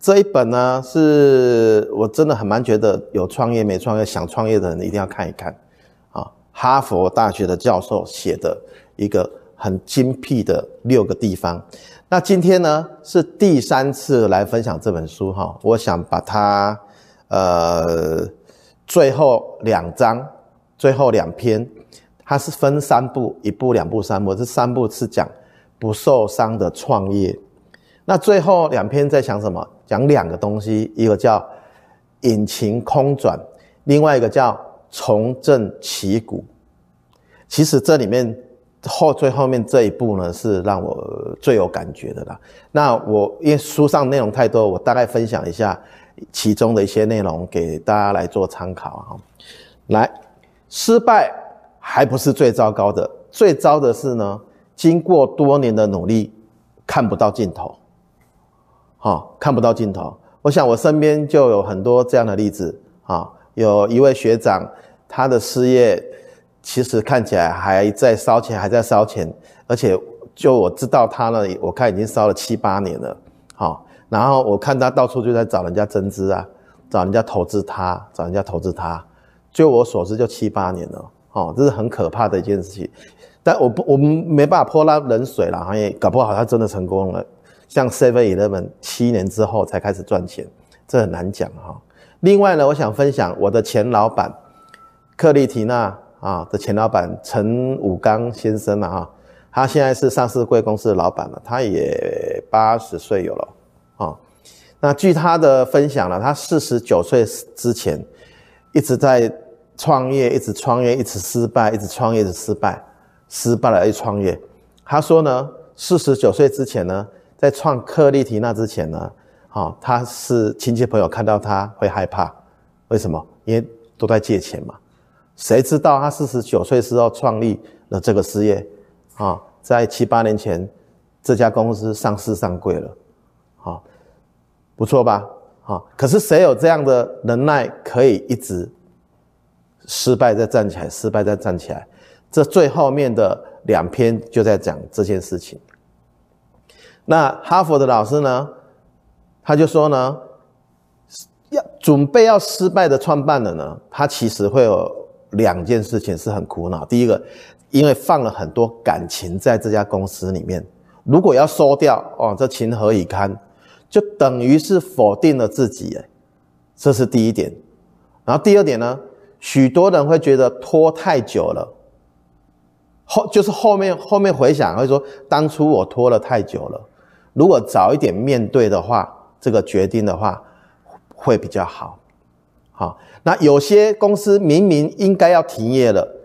這一本呢，是我真的很蠻覺得有創業沒創業、想創業的人一定要看一看，啊，哈佛大學的教授寫的，一個很精闢的六個地方。那今天呢是第三次來分享這本書哈，我想把它，呃，最後兩章、最後兩篇，它是分三步，一步、兩步、三步，這三步是講不受傷的創業。那最後兩篇在講什麼？講兩個東西，一個叫引擎空轉，另外一個叫重振旗鼓。其實這裡面後最後面這一步呢，是讓我最有感覺的啦。那我因為書上內容太多，我大概分享一下其中的一些內容給大家來做參考哈。來，失敗還不是最糟糕的，最糟的是呢，經過多年的努力看不到盡頭。哈、哦，看不到盡頭。我想我身邊就有很多這樣的例子啊、哦。有一位學長，他的事業其實看起來還在燒錢，還在燒錢，而且就我知道他呢，我看已經燒了七八年了。哈、哦，然後我看他到處就在找人家增資啊，找人家投資他，找人家投資他。據我所知，就七八年了。哈、哦，這是很可怕的一件事情。但我不，我們沒辦法潑他冷水了，好像也搞不好他真的成功了。像 Seven Eleven 七年之後才開始賺錢，這很難講哈。另外呢，我想分享我的前老板克麗緹娜啊的前老板陳武剛先生了哈。他現在是上市櫃公司的老闆了，他也八十歲有了啊。那據他的分享，他四十九歲之前一直在創業，一直創業，一直失敗，一直創業，一直失敗，失敗了一創業。他說呢，四十九歲之前呢。在創克麗緹娜之前呢，啊、哦，他是親戚朋友看到他會害怕，為什麼？因為都在借錢嘛。誰知道他四十九歲時候創立了這個事業，啊、哦，在七八年前，這家公司上市上櫃了，啊、哦，不錯吧？啊、哦，可是誰有這樣的能耐可以一直失敗再站起來，失敗再站起來？這最後面的兩篇就在講這件事情。那哈佛的老師呢，他就說呢，要準備要失敗的創辦人呢，他其實會有兩件事情是很苦惱。第一個，因為放了很多感情在這家公司裡面，如果要收掉哦，這情何以堪？就等於是否定了自己哎，這是第一點。然後第二點呢，許多人會覺得拖太久了，後就是後面後面回想會說，當初我拖了太久了。如果早一點面對的話，這個決定的話，會比較好。好，那有些公司明明應該要停業了，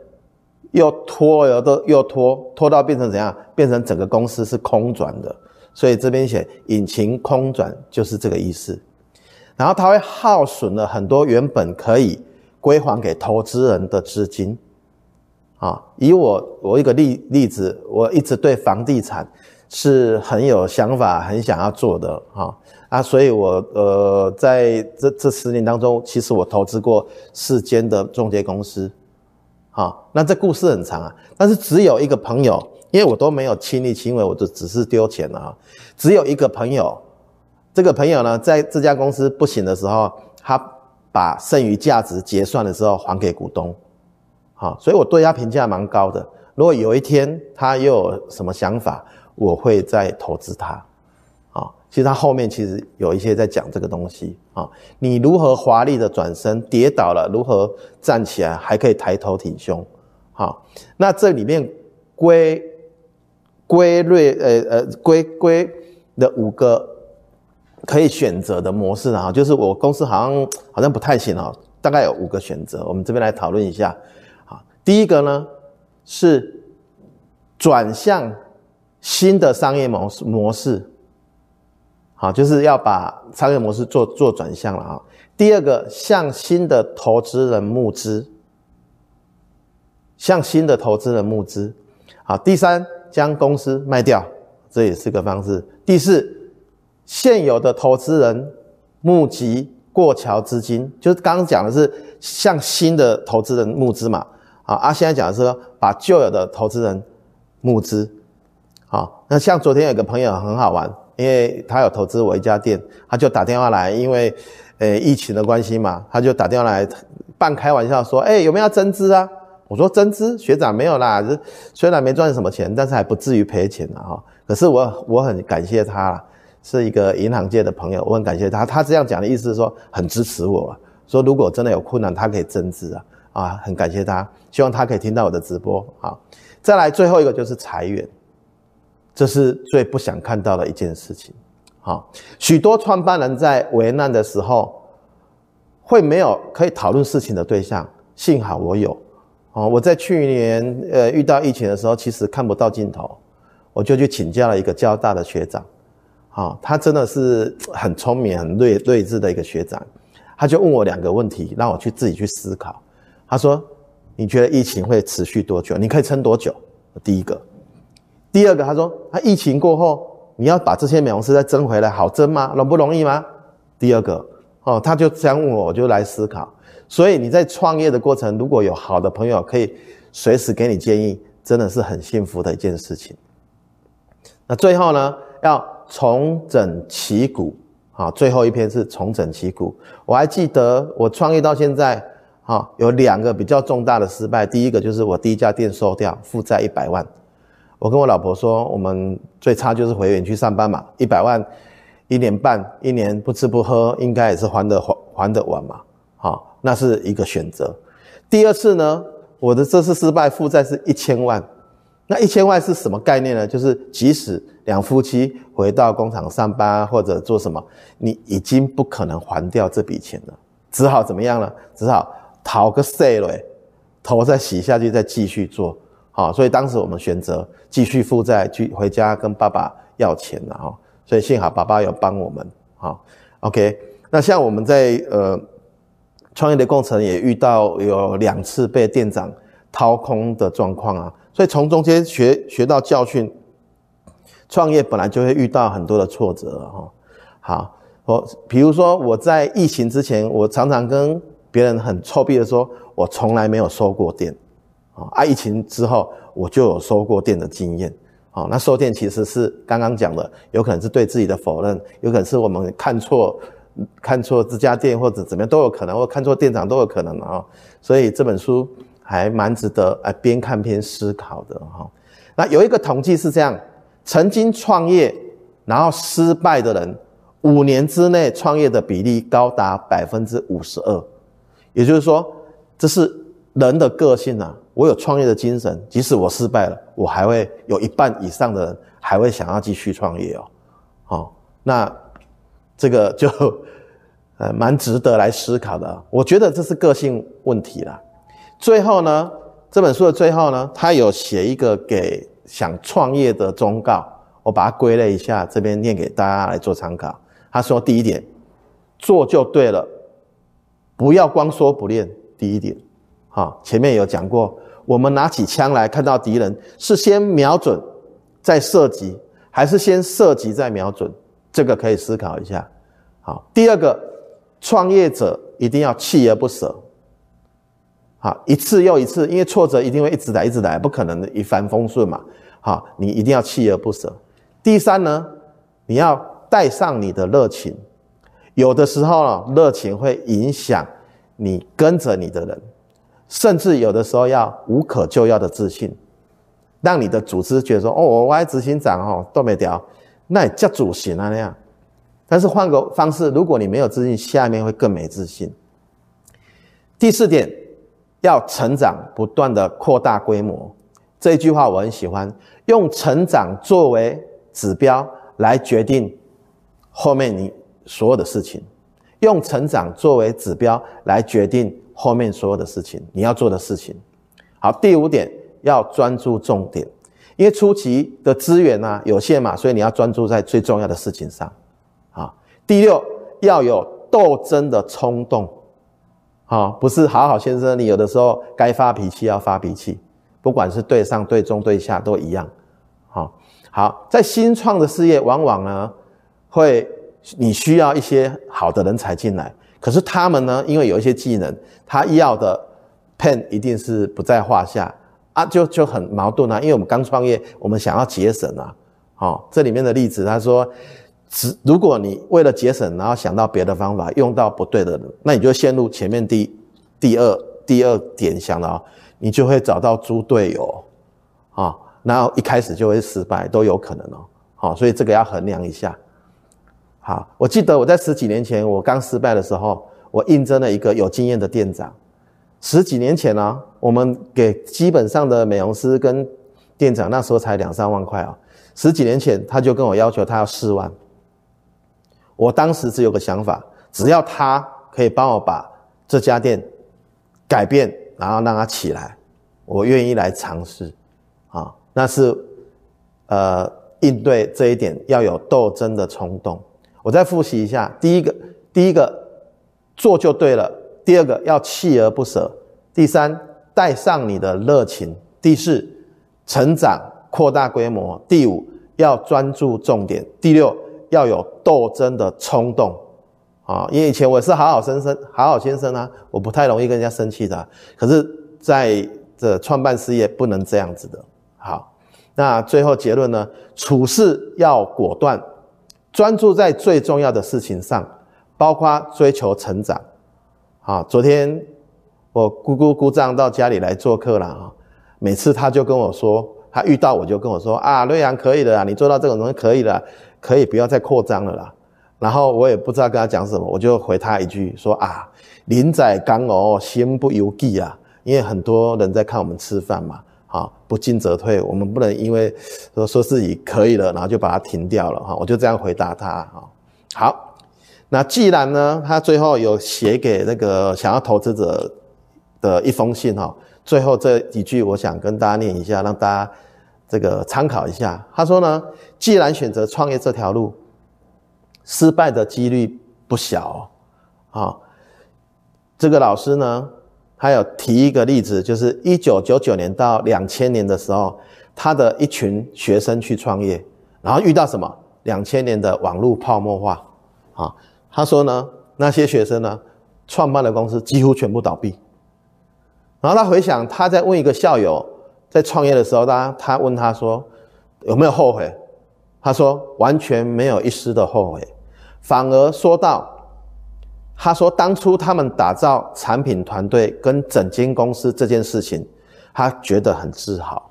又拖，又又拖，拖到變成怎樣？變成整個公司是空轉的。所以這邊寫“引擎空轉”就是這個意思。然後它會耗損了很多原本可以歸還給投資人的資金。好，以我我一個例例子，我一直對房地產。是很有想法，很想要做的哈啊，所以我，我呃在這這十年當中，其實我投資過四間的中介公司，哈、啊，那這故事很長啊。但是只有一個朋友，因為我都沒有親力親為，我就只是丟錢了。啊。只有一個朋友，這個朋友呢，在這家公司不行的時候，他把剩餘價值結算的時候還給股東，好、啊，所以我對他評價蠻高的。如果有一天他又有什麼想法，我會再投資它，啊，其實它後面其實有一些在講這個東西啊，你如何華麗的轉身，跌倒了，如何站起來，還可以抬頭挺胸，好，那這裡面歸歸類呃呃歸、歸的五個可以選擇的模式啊，就是我公司好像好像不太行啊，大概有五個選擇，我們這邊來討論一下，啊，第一個呢是轉向。新的商業模式模式，好，就是要把商業模式做做轉向了啊、哦。第二個，向新的投資人募資，向新的投資人募資，好。第三，將公司賣掉，這也是個方式。第四，現有的投資人募集過橋資金，就是剛剛講的是向新的投資人募資嘛，好啊，阿現在講的是說把舊有的投資人募資。好、哦，那像昨天有個朋友很好玩，因為他有投資我一家店，他就打電話來，因為，呃、欸，疫情的關係嘛，他就打電話來半開玩笑說：“哎、欸，有沒有要增資啊？”我說：“增資，學長沒有啦。雖然沒賺什麼錢，但是還不至於賠錢啊。”哦，可是我我很感謝他啦，是一個銀行界的朋友，我很感謝他。他這樣講的意思是說很支持我，說如果真的有困難，他可以增資啊。啊，很感謝他，希望他可以聽到我的直播啊、哦。再來最後一個就是裁員。這是最不想看到的一件事情，好，許多創辦人在為難的時候，會沒有可以討論事情的對象。幸好我有，哦，我在去年呃遇到疫情的時候，其實看不到盡頭，我就去請教了一個交大的學長，啊，他真的是很聰明、很睿睿智的一個學長，他就問我兩個問題，讓我去自己去思考。他說：“你覺得疫情會持續多久？你可以撐多久？”第一個。第二個，他說他疫情過後，你要把這些美容師再爭回來，好爭嗎？容不容易嗎？第二個，哦，他就想問我，我就來思考。所以你在創業的過程，如果有好的朋友可以隨時給你建議，真的是很幸福的一件事情。那最後呢，要重整旗鼓。好，最後一篇是重整旗鼓。我還記得我創業到現在，啊，有兩個比較重大的失敗。第一個就是我第一家店收掉，負債一百萬。我跟我老婆說，我們最差就是回園區上班嘛，一百萬，一年半，一年不吃不喝，應該也是還得還還得完嘛。好，那是一個選擇。第二次呢，我的這次失敗負債是一千萬，那一千萬是什麼概念呢？就是即使兩夫妻回到工廠上班、啊、或者做什麼，你已經不可能還掉這筆錢了，只好怎麼樣呢？只好逃個稅了，頭再洗下去，再繼續做。好，所以當時我們選擇繼續負債，去回家跟爸爸要錢了哈、哦，所以幸好爸爸有幫我們。好、哦，OK。那像我們在呃創業的過程也遇到有兩次被店長掏空的狀況啊，所以從中間學學到教訓，創業本來就會遇到很多的挫折了哦。好，我比如說我在疫情之前，我常常跟別人很臭屁的說，我從來沒有收過店。啊，疫情之後我就有收過店的經驗。哦，那收店其實是剛剛講的，有可能是對自己的否認，有可能是我們看錯、看錯這家店或者怎麼樣都有可能，或看錯店長都有可能啊。所以這本書還蠻值得哎，邊看邊思考的哈。那有一個統計是這樣：曾經創業然後失敗的人，五年之內創業的比例高達百分之五十二。也就是說，這是人的個性啊。我有創業的精神，即使我失敗了，我還會有一半以上的人還會想要繼續創業哦。好、哦，那這個就呃蠻值得來思考的。我覺得這是個性問題啦。最後呢，這本書的最後呢，他有寫一個給想創業的忠告，我把它歸類一下，這邊念給大家來做參考。他說：第一點，做就對了，不要光說不練。第一點，好、哦，前面有講過。我們拿起槍來，看到敵人是先瞄準再射擊，還是先射擊再瞄準？這個可以思考一下。好，第二個，創業者一定要鍥而不捨。好，一次又一次，因為挫折一定會一直來，一直來，不可能一帆風順嘛。好，你一定要鍥而不捨。第三呢，你要帶上你的熱情。有的時候呢，熱情會影響你跟着你的人。甚至有的時候要無可救藥的自信，讓你的組織覺得說：“哦，我歪執行長哦都沒掉，那也叫主席了，那樣，啊，但是換個方式，如果你沒有自信，下面會更沒自信。第四點，要成長，不斷的擴大規模。這一句話我很喜歡，用成長作為指標來決定後面你所有的事情，用成長作為指標來決定。後面所有的事情，你要做的事情，好。第五點，要專注重點，因為初期的資源呢、啊、有限嘛，所以你要專注在最重要的事情上。啊，第六，要有鬥爭的衝動，啊，不是好好先生，你有的時候該發脾氣要發脾氣，不管是對上、對中、對下都一樣。好，好，在新創的事業，往往呢會你需要一些好的人才進來。可是他們呢，因為有一些技能，他要的 pen 一定是不在話下啊，就，就就很矛盾啊。因為我們剛創業，我們想要節省啊，好、哦，這裡面的例子他說，只如果你為了節省，然後想到別的方法，用到不對的人，那你就陷入，前面第第二第二點想到，你就會找到豬隊友啊、哦，然後一開始就會失敗都有可能哦，好、哦，所以這個要衡量一下。好，我記得我在十幾年前我剛失敗的時候，我應徵了一個有經驗的店長。十幾年前呢、哦，我們給基本上的美容師跟店長那時候才兩三萬塊啊、哦。十幾年前他就跟我要求他要四萬。我當時只有個想法，只要他可以幫我把這家店改變，然後讓他起來，我願意來嘗試。啊，那是呃應對這一點要有鬥爭的衝動。我再復習一下：第一個，第一個做就對了；第二個，要鍥而不捨；第三，帶上你的熱情；第四，成長擴大規模；第五，要專注重點；第六，要有鬥爭的衝動。啊、哦，因為以前我是好好生生好好先生啊，我不太容易跟人家生氣的啊。可是在這創辦事業不能這樣子的。好，那最後結論呢？處事要果斷。專注在最重要的事情上，包括追求成長。啊，昨天我姑姑姑丈到家裡來做客了啊。每次他就跟我說，他遇到我就跟我說啊，瑞陽可以啦，你做到這種東西可以了，可以不要再擴張了啦。然後我也不知道跟他講什麼，我就回他一句說啊，林仔剛哦，心不由己啊，因為很多人在看我們吃飯嘛。啊，不進則退，我們不能因為說說自己可以了，然後就把它停掉了哈。我就這樣回答他啊。好，那既然呢，他最後有寫給那個想要投資者的一封信哈，最後這幾句我想跟大家念一下，讓大家這個參考一下。他說呢，既然選擇創業這條路，失敗的幾率不小啊。這個老師呢？還有提一個例子，就是一九九九年到兩千年的時候，他的一群學生去創業，然後遇到什麼？兩千年的網絡泡沫化，啊、哦，他說呢，那些學生呢，創辦的公司幾乎全部倒閉。然後他回想，他在問一個校友，在創業的時候，他他問他說，有沒有後悔？他說完全沒有一絲的後悔，反而說到。他說：“當初他們打造產品團隊跟整間公司這件事情，他覺得很自豪。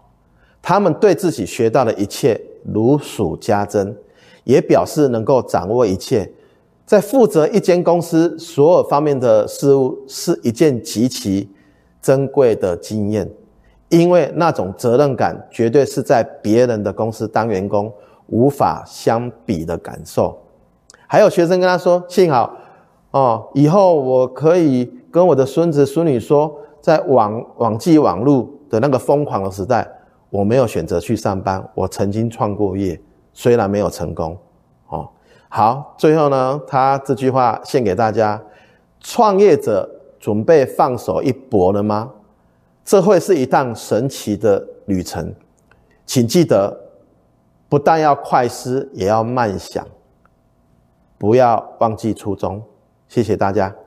他們對自己學到的一切如數家珍，也表示能夠掌握一切。在負責一間公司所有方面的事務是一件極其珍貴的經驗，因為那種責任感絕對是在別人的公司當員工無法相比的感受。”還有學生跟他說：“幸好。”哦，以後我可以跟我的孫子孫女說，在網網際網路的那個瘋狂的時代，我沒有選擇去上班，我曾經創過業，雖然沒有成功。哦，好，最後呢，他這句話獻給大家：創業者準備放手一搏了嗎？這會是一趟神奇的旅程，請記得，不但要快思，也要慢想，不要忘記初衷。謝謝大家。